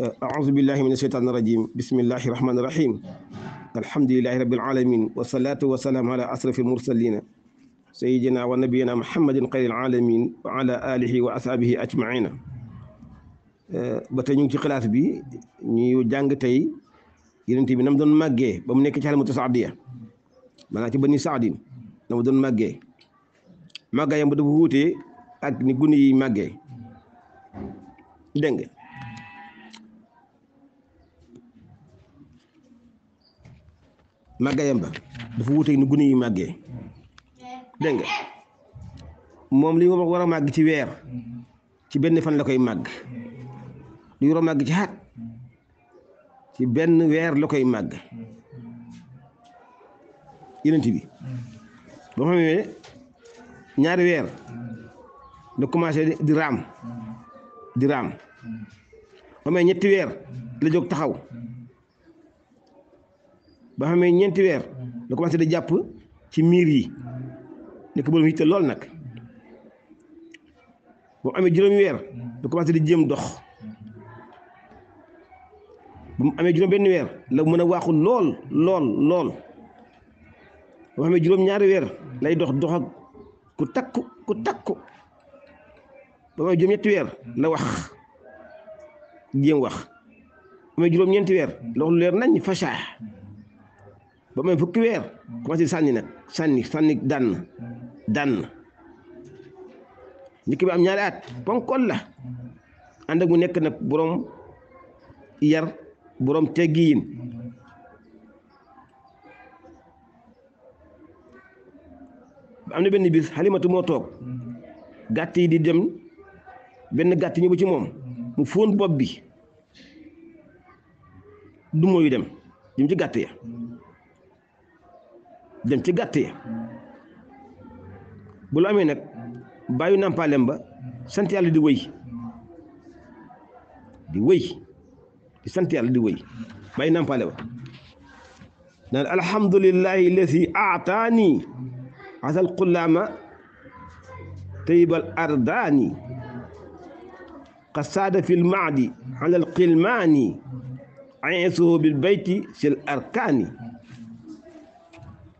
أعوذ بالله من الشيطان الرجيم بسم الله الرحمن الرحيم الحمد لله رب العالمين والصلاة والسلام على أشرف المرسلين سيدنا ونبينا محمد قيل العالمين وعلى آله وأصحابه أجمعين باتي نيجي خلاص بي نيو جانغ تاي يرنتي بي نمدون ماغي بام نيك تي المتصعديه مانا تي بني سعدي نمدون ماغي ماغا يام بدو ووتي اك ني غوني ماغي دنگ màggayam ba dafa wuuteeg ni gune yi màggee dégg nga moom li war a màgg ci weer ci benn fan la koy màgg li war a màgg ci xaat ci benn weer la koy màgg yenent bi boo xam ne ñaari weer da commencé di raam di raam xam ñetti weer la jóg taxaw ba xamee ñeenti weer la commencé jàpp ci miir yi nekk boroom yitte lool nag ba mu amee juróomi weer la ko di jéem dox ba mu amee juróom weer la mën a waaxu lool lool lool ba xamee juróom ñaari weer lay dox dox ak ku takku ku takku ba mu amee juróom ñetti weer la wax jéem wax amee juróom ñeenti weer la wax lu leer nañ fasha ba may fukki weer ci sanni nak sanni sanni dan dan niki bi am ñaari at ponkol la and ak mu nek nak borom yar borom teggiin amna bis halimatu mo tok gatti di dem benn gàtt ñëw ci mom mu fon bob bi du mooyu dem dim ci gatti ya dem ci gatte bu lu amé nak bayu nampalem ba sant yàlla di wëy di wëy di sant yàlla di wëy bàyyi nàmpaale ba naan alhamdulillahi alladi a'tani asal qullaama tayyibal ardani قصاد في المعدي على القلماني عيسه بالبيت في الأركان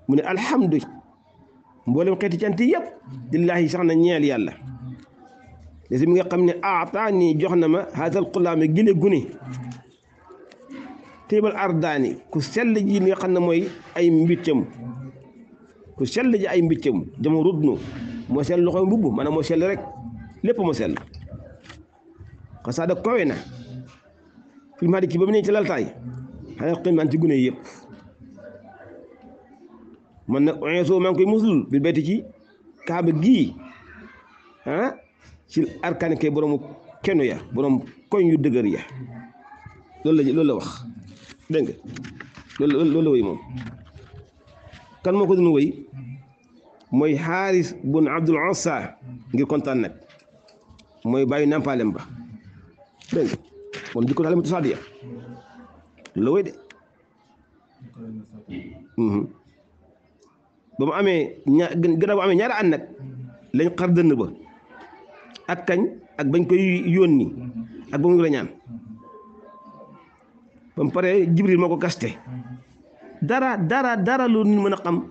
من الحمد مبولم قيت جانتي ياب لله شرنا نيال يالا لازم يقمن اعطاني جوخنا ما هذا القلام جيني غوني تيب الارداني كو سل جي ني اي مبيتم كو سل اي مبيتم دم رودنو مو سل لوخو مبو مانا رك لب مو سل قصاد كوينا في مالك بمني تلالتاي هاي قيمه انت غوني ياب man na onso maa ngi koy musul bi bayti ci gi gii ah, ci arkaan kay boroomu kenu ya borom yu dëgër ya loolu la loolu la wax dégg nga loolu loolu la woy moom kan moo ko doon woy mooy xaaris bun abdul ansa ngir kontaan nag mooy bàyyi nampalem ba dégg nga moom jikko alimatu saadiya loolu woy de mhm. ba mu amee ña gannaaw bu amee ñaari at nag lañ xar dënd ba ak kañ ak bañ koy yoni ak ba ngi la ñaan bam paré jibril mako kasté kaste dara dara dara lu ñu mëna xam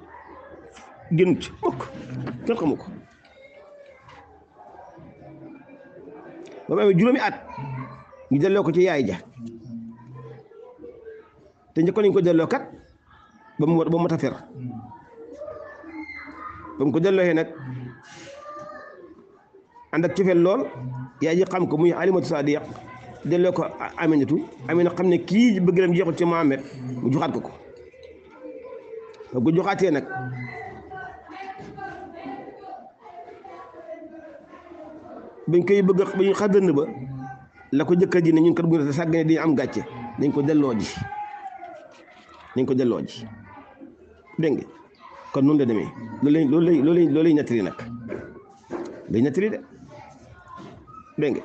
génn ci mukk kenn xamu ko ba mu amee juróomi at ñu délé ko ci yaay ja ñu ko ñu ko délé kat ba mu mata fer ba mu ko dellooxee nag ànd ak cofeel lool yaay ji xam ko muy alimatu sadiq delloo ko aminatu amina xam ne kii bëggiram jeexul ci Mohamed mu joxaat ko ko ba ko joxaatee nag bañ koy bëgg a bañu xaddënn ba la ko jëkkër ji ne ñun kat bu ñu sàggane dañu am gàcce dañ ko delloo ji dañ ko delloo ji dégg nga kon noonu la demee loolu loolu lay loolu lay loolu lay nettali nag lay nettali de dégg nga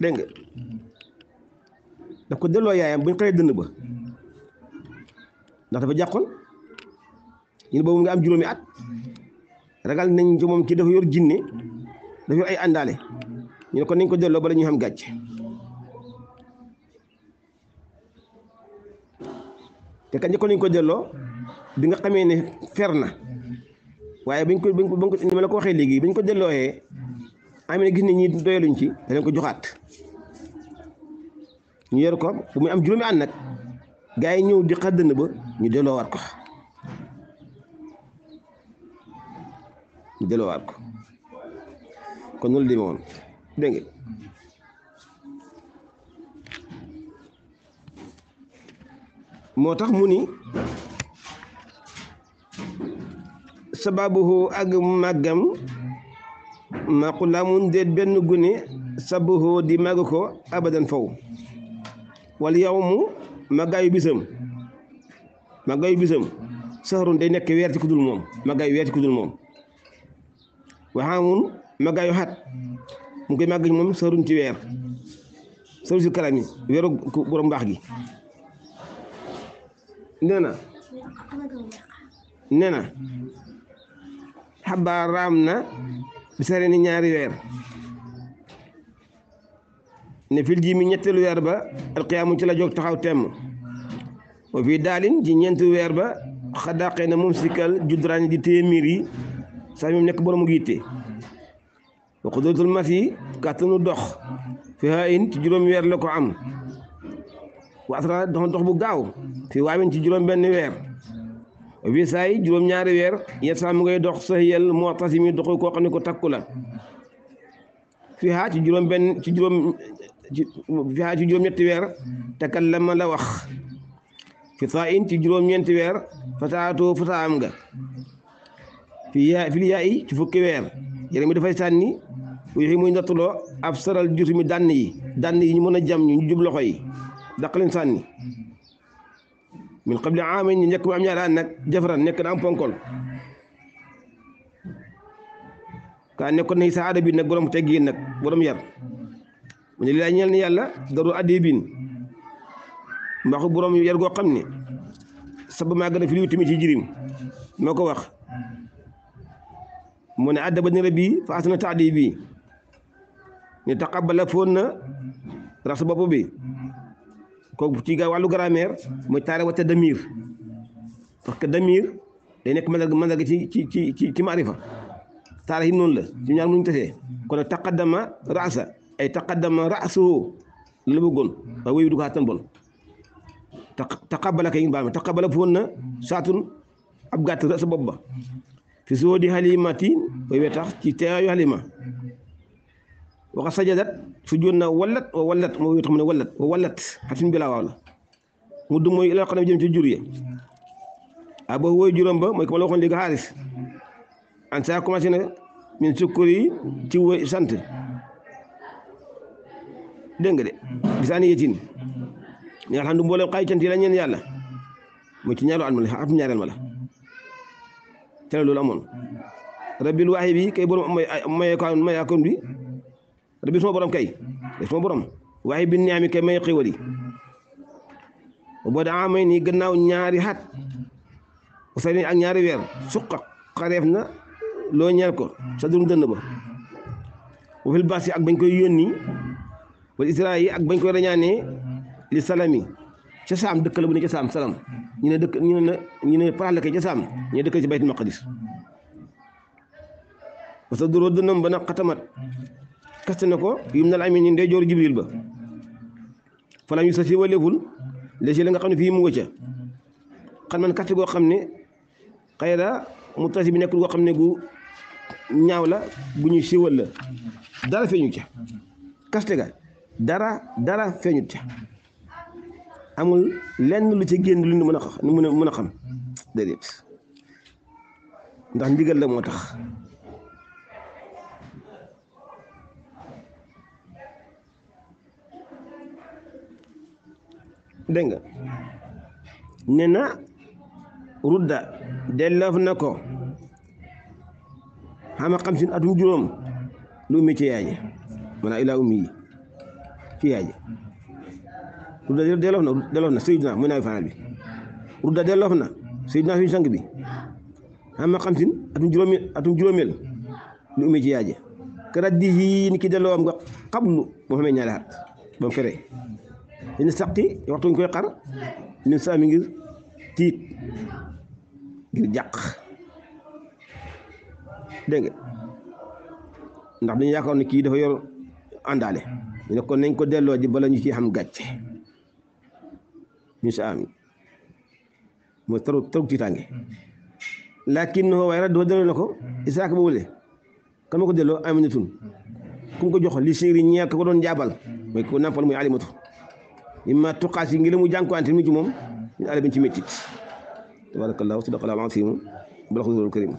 dégg nga daf ko delloo yaayam ba ñu xëyee dënn ba ndax dafa jàqoon ñun boobu nga am juróomi at ragal nañ ci moom ci dafa yor jinne dañu ay àndaale ñu ne kon nañ ko delloo bala ñu xam gàcce te kañ ko nañ ko delloo bi nga xamee ne fer na waaye bañ ko bañ ko ni ma la ko waxee léegi bañ ko dellooyee am na gis ne ñi doyaluñ ci da leen ko joxaat ñu yor ko bu muy am juróomi ànd nag gaa yi ñëw di xaddana ba ñu delloo delloowaat ko ñu delloowaat ko kon noonu la demee moo tax mu ni sababuhu ak màggam maqu lamun déet benn gune sabuhu di màgg ko abadan walla wal yow mu màggaayu bisam màggaayu bisam saxarun day nekk weer ci ku dul moom màggaayu weer ci ku moom waxaamun màggaayu xat mu koy màgg moom sëruñ ci weer sëruñ ci kalam yi weeru borom baax gi nena na nee na xabaar raam na bisare ñaari weer ne fil ji mi ñetteelu weer ba alqiyaamu ci la jóg taxaw temm wa fii daalin ci ñeenti weer ba xadaaqee na moom sikal judraani di téeméer yi saa moom nekk boromu giite wa masi kàttanu dox fi ha in ci juróom weer la ko am wa asra dox dox bu gaaw fi waamin ci juróom benn weer wi saay juróom ñaari weer yenn saa mu ngay dox sahiyal moo tasimi doxu koo xam ne ko takku la fi ha ci juróom ben ci fi ci ñetti takallama la wax fi in ci juróom ñeenti weer fasaatoo fasaam nga fi ya fi yaa yi ci fukki mi yi muy natulo ab saral jur mi dan yi dan yi ñu mëna jam ñu jub loxo yi daq min qabl aami ñu njëkk am ñaara nak nag jafaran nekk na am ponkol ka nekkoon na sa aada bi nak borom teggi nak borom yar mu ñu laa ñel ni yalla daru adibin mbax borom yar go xamni sabu ma gëna fi a filiw ci jirim moo wax mu ne adaba ni rabbi fa asna ta'dibi ñu taqabala foon na raxas bopp bi kooku ci wàllu grammaire mooy taare wate damir parce que damir nekk mandarga mandarga ci ci ci ci ci maarifa taare yi noonu la ci ñaar muñu tasee kon nag taqaddama raasa ay taqaddama raasuhu la bëggoon waaye wéyu du ko xattan bon taqabala kay baal ma taqabala foon na saatun ab gàtt sa bopp ba fi soo di xalimatin way wetax ci teewaayu xalima a waxa sajadat sujjóot na wallat wa wallat moo wéet xam ne wallat wa wallat xasin bi waaw la mu dum mooy ilal xanam jëm ci jur ya a ah, boo wooyu juróom ba mooy comme la waxoon léegi xaalis an saa commencé na min sukkur yi woy sant dégg nga de bisaani yetin ni nga xam du mboolem xaay ñeen yàlla mu ci ñaaru at ma la ab ñaareel ma la te amoon rabbil waaxi bi kay borom maye ko maye bi rabbi suma borom kay suma borom waaye bi neexami kay may xéwal yi boo daa may nii gannaaw ñaari xat usani ak ñaari weer suqa xareef na loo ñeel ko sa ba ak bañ koy yónni yi ak bañ koy rañaanee li salami dëkk la bu ñu ne dëkk ñu ne ñu ne palaas duroo dënnam ba na xatamat kaste na ko yum nal amin ñi day joor jibril ba falaam yu sa si waleeful la nga xam ne fii mu wëcca xam man kaste goo xam ne xëy na mu tasi bi nekkul goo xam ne gu ñaaw la gu ñuy siiwal la dara feeñu ca kaste ga dara dara feeñu ca amul lenn lu ci génn lu ñu mën a mën a xam déedéet ndax ndigal la moo tax dégg nga ne na rudda delloof na ko xama xam sin atum juróom lu ummi ci yaaje mana ila ummi yi ci yaaje rudda delloof na delloof na sayyidina mooy naawi fanal bi rudda delloof na sayyidina suñu sang bi xama xam sin atum juróom atum juróomeel lu ummi ci yaaje ka raddi yi ni ki delloo am nga xablu boo xamee ñaari at ba mu feree xëy saqi waxtu koy xar ñun saa mi ngir tiit ngir jàq dégg nga ndax dañu yaakaar ne kii dafa yor àndaale ñu ne kon nañ ko delloo ji bala ñu ci xam gàcce ñun saa mi mooy taru taru tiitaange laakin no waaye rek dafa delloo na ko isaaka boobu le kan ma ko delloo aminatun ku mu ko jox li séeri ñeer ka ko doon jaabal mooy ko nampal muy alimatu imma tuqaas yi ngi la mu jànkuwante mu ci moom min adabin ci méttit tabarakallahu sadaqallahu al-aziim bal xuzul karim